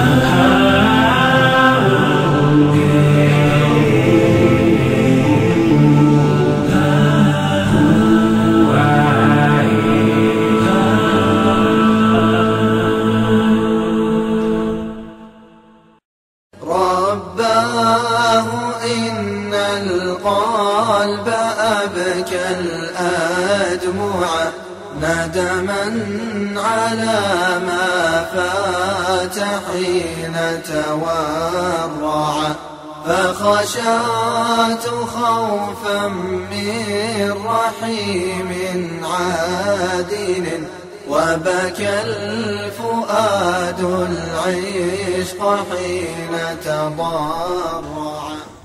sorry. تورع فخشعت خوفا من رحيم عادل وبكى الفؤاد العشق حين تضرع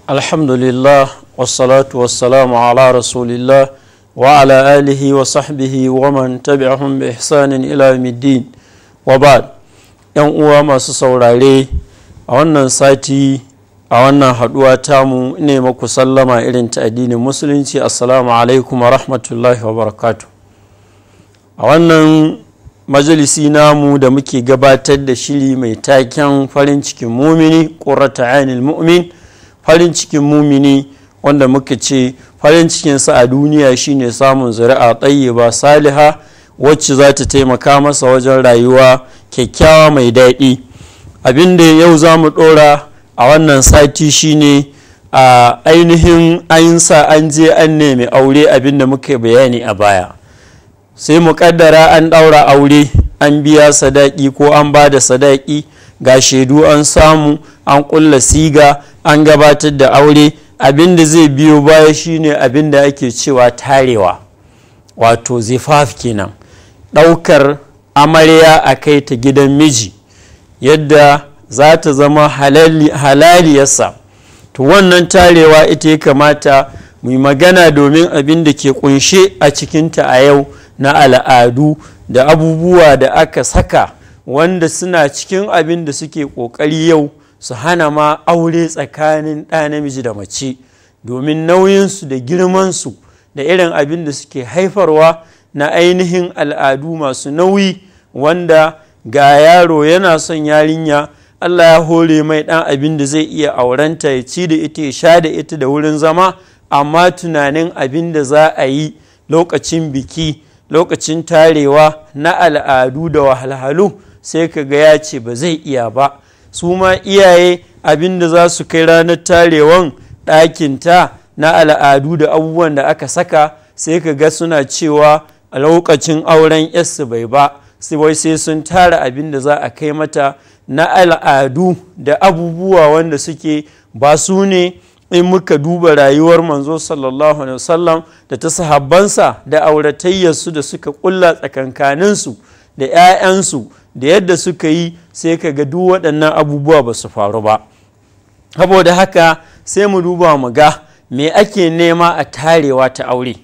الحمد لله والصلاة والسلام على رسول الله وعلى آله وصحبه ومن تبعهم بإحسان إلى يوم الدين وبعد يوم أمس masu عليه a wannan sati a wannan haduwa tamu ne maku sallama irin ta addinin musulunci assalamu alaikum wa rahmatullahi wa barakatu a wannan majalisi namu da muke gabatar da shiri mai taken farin cikin mumini ƙurata ainihin mu'min farin cikin mumini wanda muka ce farin cikinsa a duniya shine samun zuri'a ba saliha wacce za ta taimaka masa wajen rayuwa kyakkyawa mai daɗi abin da yau za mu ɗora a wannan sati shine a ainihin an an je an nemi aure abin da muka bayani a baya sai mu kaddara an ɗaura aure an biya sadaki ko an ba da sadaki ga shaidu an samu an ƙulla siga an gabatar da aure abin da zai biyo baya shine abin da ake cewa tarewa wato zifaf kenan ɗaukar amarya a kai ta gidan miji yadda za ta zama halaliyarsa to wannan tarewa ita ya kamata mu yi magana domin abin da ke kunshe a cikinta a yau na al'adu da abubuwa da aka saka wanda suna cikin abin da suke ƙoƙari yau su hana ma aure tsakanin ɗa namiji da mace domin nauyinsu da girmansu da irin abin da suke haifarwa na ainihin al'adu masu nauyi wanda ga yaro yana son yarinya Allah ya hore mai ɗan abin da zai iya auranta ya ci da ita ya sha da ita da wurin zama amma tunanin abin da za a yi lokacin biki lokacin tarewa na al'adu da wahalhalu sai ka ga ya ce ba zai iya ba su ma iyaye abin da za su kai ranar tarewan ɗakinta na al'adu da abubuwan da aka saka sai ka ga suna cewa a lokacin auren 'yarsu bai ba sai sai sun tara abin da za a kai mata na al'adu da abubuwa wanda suke ba su ne in muka duba rayuwar manzo sallallahu alaihi wasallam da ta sahabbansa da auratayyarsu da suka kulla tsakankaninsu da 'ya'yansu da yadda suka yi sai ka ga duk waɗannan abubuwa ba su faru ba saboda haka sai mu duba mu ga me ake nema a tarewa ta aure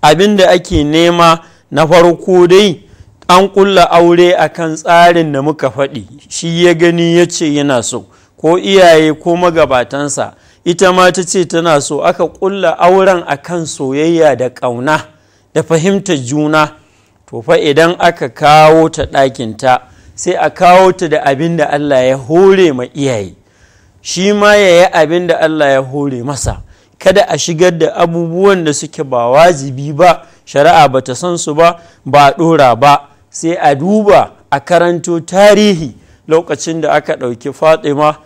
abin da ake nema na farko dai an ƙulla aure a kan tsarin da muka faɗi shi ya gani ya ce yana so ko iyaye ko magabatansa ita ma ta ce tana so aka ƙulla auren a kan soyayya da ƙauna da fahimtar juna to fa idan aka kawo ta ɗakinta sai a kawo ta da abin da Allah ya hore ma iyaye shi ma ya yi abin da Allah ya hore masa kada a shigar da abubuwan da suke ba wajibi ba shari'a ba ta san su ba ba ɗora ba sai a duba a karanto tarihi lokacin da aka ɗauki fatima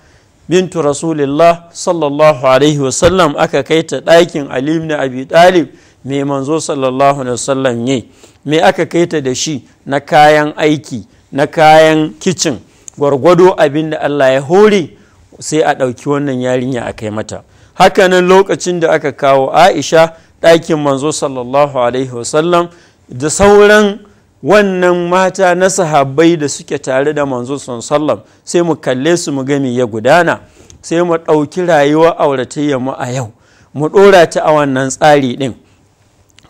bintu rasulillah sallallahu alaihi wasallam aka kai ta ɗakin ali abi talib mai manzo sallallahu alaihi wasallam ne mai aka kai ta da shi na kayan aiki na kayan kicin gwargwado abin da allah ya hori sai a ɗauki wannan yarinya a kai mata hakanan lokacin da aka kawo aisha ɗakin manzo sallallahu alaihi wasallam da sauran wannan mata na sahabbai da suke tare da manzo sallam sai mu kalle su mu gami ya gudana sai mu ɗauki rayuwar auratayya mu a yau mu ɗora ta a wannan tsari ɗin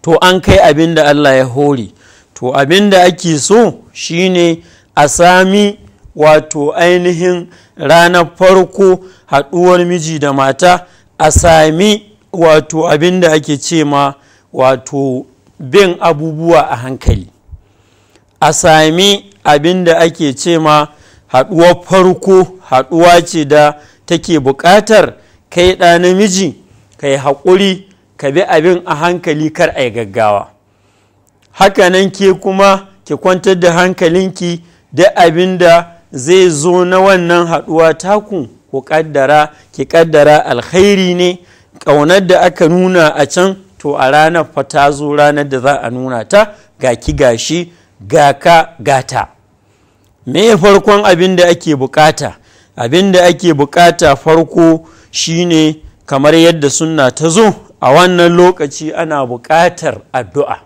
to an kai abin da Allah ya hori to abin da ake so shine a sami wato ainihin ranar farko haɗuwar miji da mata a sami wato abin da ake ce ma wato bin abubuwa a hankali a sami abin da ake ce ma haɗuwar farko haɗuwa ce da take buƙatar kai ɗa namiji ka yi haƙuri ka bi abin a hankali kar a yi gaggawa hakanan ke kuma ki kwantar da hankalinki da abin da zai zo na wannan haɗuwa taku ku ƙaddara ki ƙaddara alkhairi ne ƙaunar da aka nuna a can to a ranar fa ta zo ranar da za a nuna ta gaki gashi ga ka gata me farkon abin da ake bukata abin da ake bukata farko shine kamar yadda sunna ta zo a wannan lokaci ana bukatar addu'a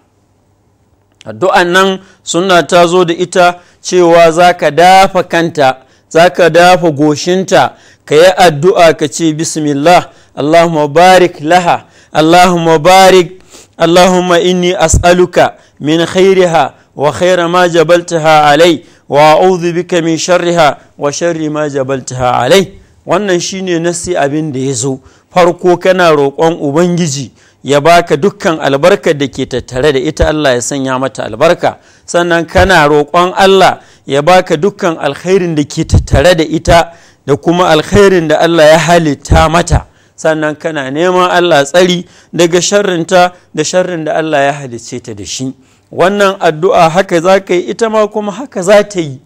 addu'an nan sunna ta zo da ita cewa za ka dafa kanta za ka dafa goshinta ka yi addu'a ka ce bismillah allahumma barik laha allahumma barik allahumma inni as'aluka min khairiha Wa ما جبلتها علي وأعوذ بك من شرها وشر ما جبلتها علي wannan shi shine nasi abin da ya zo farko kana roƙon ubangiji ya baka dukkan albarkar da ke tattare da ita Allah ya sanya mata albarka sannan kana roƙon Allah ya baka dukkan alkhairin da ke tattare da ita da kuma alkhairin da Allah ya halitta mata sannan kana neman Allah tsari daga sharrinta da sharrin da Allah ya halicce ta da shi wannan addu'a haka za ka yi ita ma kuma haka za ta yi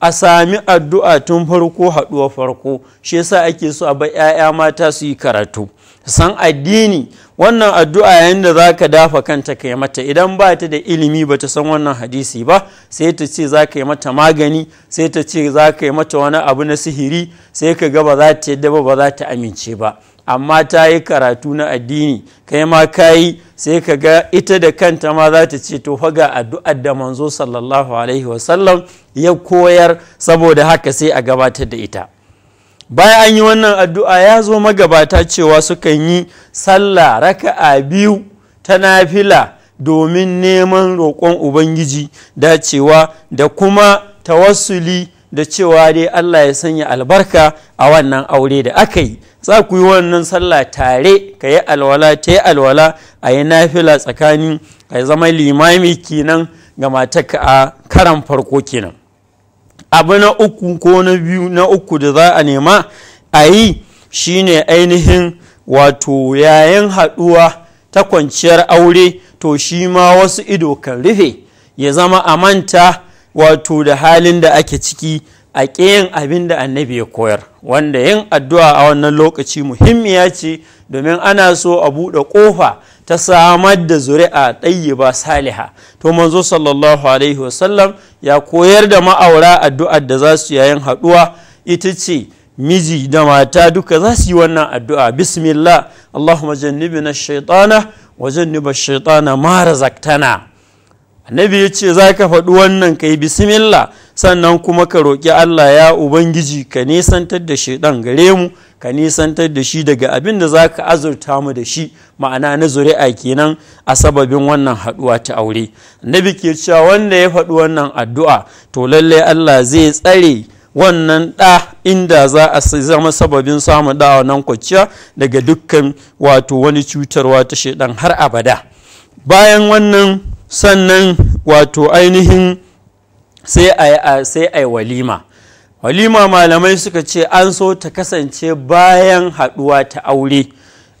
a sami addu'a tun farko haɗuwa farko shi yasa ake so a bar 'ya'ya mata su yi karatu san addini wannan addu'a yayin da za ka dafa kanta ka mata idan ba ta da ilimi ba ta san wannan hadisi ba sai ta ce za ka yi mata magani sai ta ce za ka yi mata wani abu na sihiri sai ka ga ba za ta yadda ba ba za ta amince ba amma ta yi karatu na addini kai ma kayi sai ka ga ita da kanta ma za ta ce to faga addu'ar da manzo sallallahu alaihi wasallam ya koyar saboda haka sai a gabatar da ita baya an yi wannan addu'a ya zo magabata cewa sukan yi sallah raka'a biyu ta nafila domin neman roƙon ubangiji dacewa da kuma tawassuli da cewa dai Allah ya sanya albarka a wannan aure da aka yi za ku yi wannan sallah tare ka yi alwala ta yi alwala a yi nafila tsakanin ka zama limami kenan ga matarka a karan farko kenan abu na uku ko na biyu na uku da za a nema a yi shine ainihin wato yayin haɗuwa ta kwanciyar aure to shi ma wasu ido kan rufe ya zama a manta wato da halin da ake ciki a ƙiyin abin da annabi ya koyar wanda yin addu'a a wannan lokaci muhimmiya ce domin ana so a buɗe ƙofa ta samar da zuri'a ɗayyiba saliha to manzo sallallahu alaihi wasallam ya koyar da ma'aura addu'ar da za su yayin haɗuwa ita ce miji da mata duka za su yi wannan addu'a bismillah allahumma na shaitana wa janniba shaitana mara zaktana annabi ya ce za ka faɗi wannan kai bismillah sannan kuma ka roƙi Allah ya ubangiji ka nisantar da shaidan gare mu ka nisantar da shi daga abin da za ka azurta mu da shi ma'ana na zuri'a kenan a sababin wannan haɗuwa ta aure Na ke cewa wanda ya faɗi wannan addu'a to lallai Allah zai tsare wannan ɗa inda za a zama sababin samun ɗa nan kwaciya daga dukkan wato wani cutarwa ta shaidan har abada bayan wannan sannan wato ainihin sai a sai walima walima malamai suka ce an so ta kasance bayan haɗuwa ta aure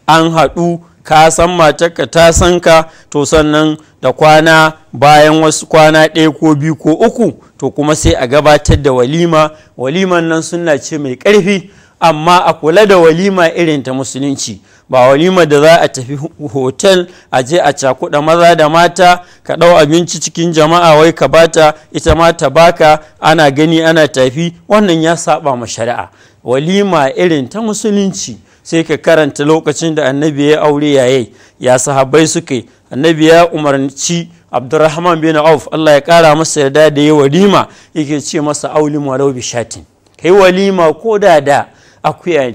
an haɗu ka san matarka ta san ka to sannan da kwana bayan wasu kwana ɗaya ko biyu ko uku to kuma sai a gabatar da walima waliman nan suna ce mai ƙarfi amma a kula da walima irin ta musulunci ba walima da za a tafi hotel a je a cakuɗa maza da mata ka ɗau abinci cikin jama'a wai ka bata ita ma ta baka ana gani ana tafi wannan ya saba ma shari'a walima irin ta musulunci sai ka karanta lokacin da annabi ya aure yayi ya sahabbai suke annabi ya umarci abdurrahman bin auf allah ya kara masa yarda da ya walima yake ce masa aulin walau bishatin kai walima ko da da akuya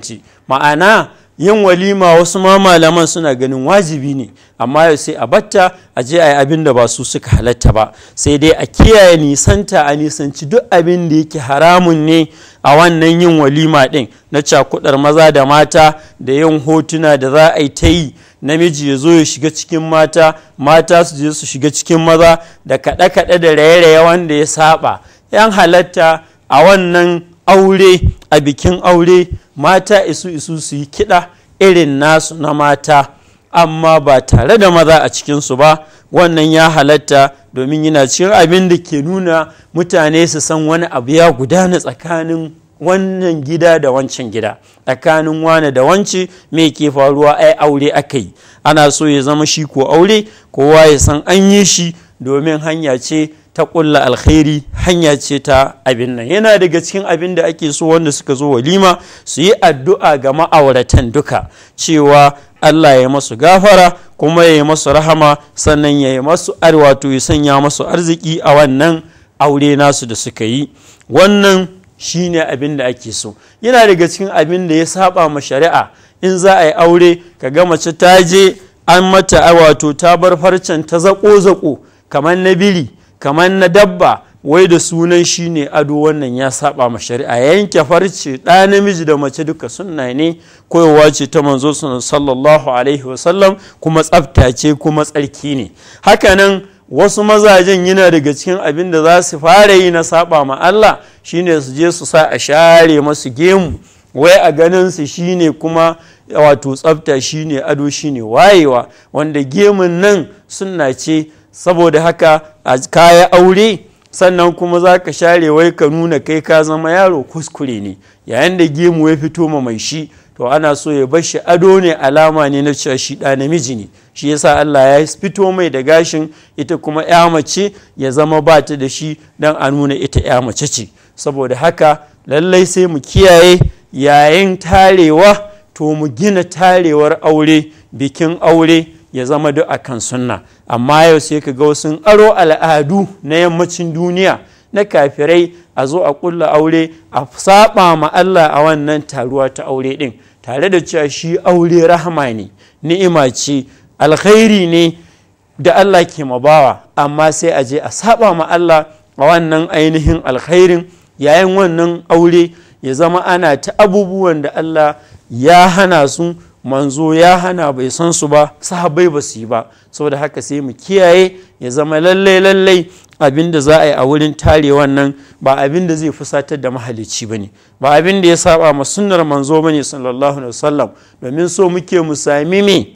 ma'ana yin walima wasu ma malaman suna ganin wajibi ne amma yau sai a batta a je a yi abin da ba su suka halatta ba sai dai a kiyaye nisanta a nisanci duk abin da yake haramun ne a wannan yin walima ɗin na cakudar maza da mata da yin hotuna da za a yi ta yi namiji ya zo ya shiga cikin mata mata su je su shiga cikin maza da kaɗe-kaɗe da raye-raye wanda ya saba yan halatta a wannan aure a bikin aure mata isu isu su yi kiɗa irin nasu na mata amma ba tare da maza a cikinsu ba wannan ya halatta domin yana cikin abin da ke nuna mutane su san wani abu ya gudana tsakanin wannan gida da wancan gida tsakanin wane da wance mai ke faruwa ai aure aka yi ana so ya zama shi ko aure kowa ya san an yi shi domin hanya ce ta ƙulla alkhairi hanya ce ta abin nan yana daga cikin abin da ake so wanda suka zo walima su yi addu'a ga ma'auratan duka cewa Allah ya masu gafara kuma ya yi masu rahama sannan ya yi masu arwato ya sanya masu arziki a wannan aure nasu da suka yi wannan shi ne abin da ake so yana daga cikin abin da ya saba ma shari'a in za a yi aure ka ga mace ta je an mata wato ta bar farcen ta zako zako kamar na biri kamar na dabba wai da sunan shi ne ado wannan ya saba ma shari'a yanke farce ɗa namiji da mace duka sunna ne koyowa ce ta manzo sallallahu alaihi wasallam kuma tsafta ce kuma tsarki ne hakanan wasu mazajen yana daga cikin abin da za su fara yi na saba ma Allah shine su je su sa a share masu gemu wai a ganin su shine kuma wato tsafta shine ado shine wayewa wanda gemun nan sunna ce saboda haka a kaya aure sannan kuma za ka share wai ka nuna kai ka zama yaro kuskure ne yayin da gemu ya fito ma mai shi to ana so ya bar shi ado ne alama ne na cewa shi ɗa namiji ne shi yasa Allah ya fito mai da gashin ita kuma ya mace ya zama ba ta da shi dan a nuna ita ya mace ce saboda haka lallai sai mu kiyaye yayin tarewa to mu gina tarewar aure bikin aure ya zama duk a kan sunna amma yau sai ka ga wasu aro al'adu na yammacin duniya na kafirai a zo a kulla aure a saba ma Allah a wannan taruwa ta aure ɗin tare da cewa shi aure rahama ne ni'ima ce alkhairi ne da Allah ke mabawa amma sai a je a saba ma Allah a wannan ainihin alkhairin yayin wannan aure ya zama ana ta abubuwan da Allah ya hana su manzo ya hana bai san su ba sahabai ba su yi ba saboda haka sai mu kiyaye ya zama lallai lallai abin da za a yi a wurin tare wannan ba abin da zai fusatar da mahalicci ba ne ba abin da ya saba ma sunnar manzo ba ne sallallahu alaihi wasallam domin so muke mu sami me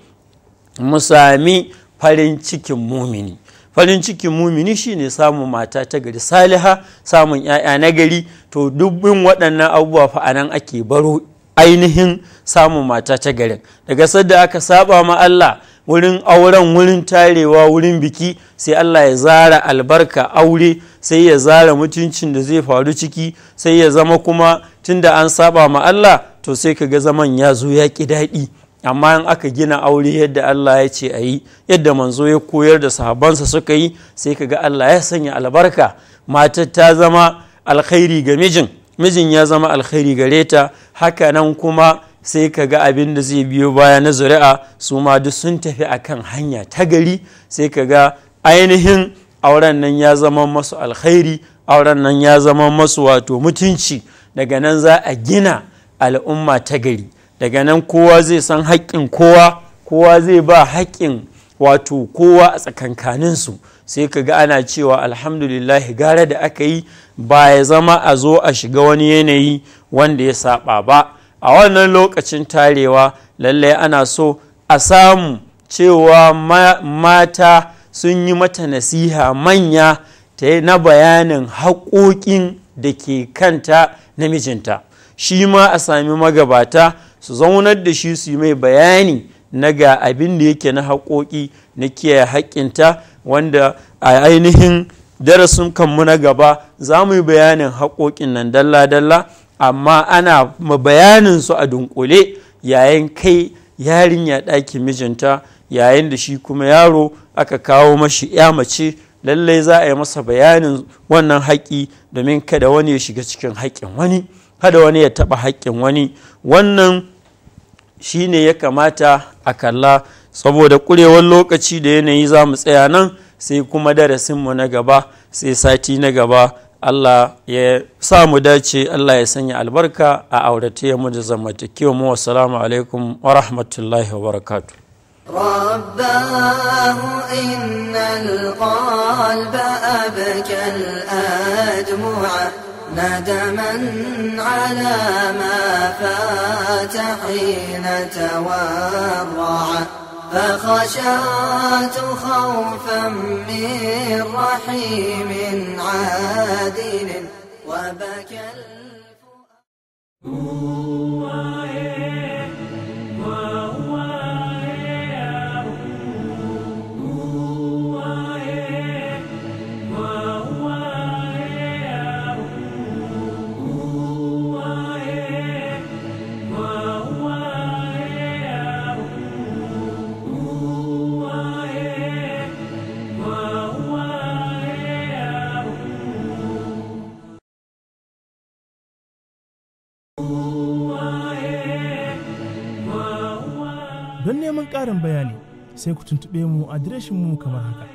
mu sami farin cikin mumini farin cikin mumini shine samun mata ta gari saliha samun 'ya'ya na gari to dubbin waɗannan abubuwa fa anan ake baro ainihin samun mata ta garin daga sadda aka saba ma Allah wurin auren wurin tarewa wurin biki sai Allah ya zara albarka aure sai ya zara mutuncin da zai faru ciki sai ya zama kuma tunda an saba ma Allah to sai ka ga zaman ya zo ya ƙi daɗi amma in aka gina aure yadda Allah ya ce a yi yadda manzo ya koyar da sahabansa suka yi sai ka ga Allah ya sanya albarka matar ta zama alkhairi ga mijin mijin ya zama alkhairi gare ta haka nan kuma sai ka ga abin da zai biyo baya na zuri'a su ma duk sun tafi akan hanya ta gari sai ka ga ainihin auren nan ya zama masu alkhairi auren nan ya zama masu wato mutunci daga nan za a gina al'umma ta gari daga nan kowa zai san haƙƙin kowa kowa zai ba haƙƙin wato kowa a tsakankaninsu sai ka ga ana cewa alhamdulillahi gara da aka yi ba ya zama a zo a shiga wani yanayi wanda ya saba ba a wannan lokacin tarewa lallai ana so a samu cewa mata sun yi mata nasiha manya ta na bayanin haƙoƙin da ke kanta namijinta shi ma a sami magabata su zaunar da shi su yi mai bayani na ga abin da yake na haƙoƙi na kiyaye haƙƙinta wanda a ainihin darasin kanmu na gaba za mu yi bayanin haƙoƙin nan dalla-dalla amma ana ma bayanin su a dunkule yayin kai yarinya ɗaki mijinta yayin da shi kuma yaro aka kawo mashi ya mace lallai za a yi masa bayanin wannan haƙi domin kada wani ya shiga cikin haƙƙin wani kada wani ya taɓa haƙƙin wani wannan shi ne ya kamata a kalla saboda ƙurewar lokaci da yanayi za mu tsaya nan sai kuma darasinmu na gaba sai sati na gaba Allah ya sa mu dace Allah ya sanya albarka a aurata mu da zamantakewa mu wassalamu alaikum wa rahmatullahi wa barakatu رباه إن القلب أبكى الأدمع ندما على ما فات حين تورع فخشعت خوفا من رحيم عادل وبكى الفؤاد ƙarin bayani sai ku tuntuɓe mu adireshin mu kamar haka.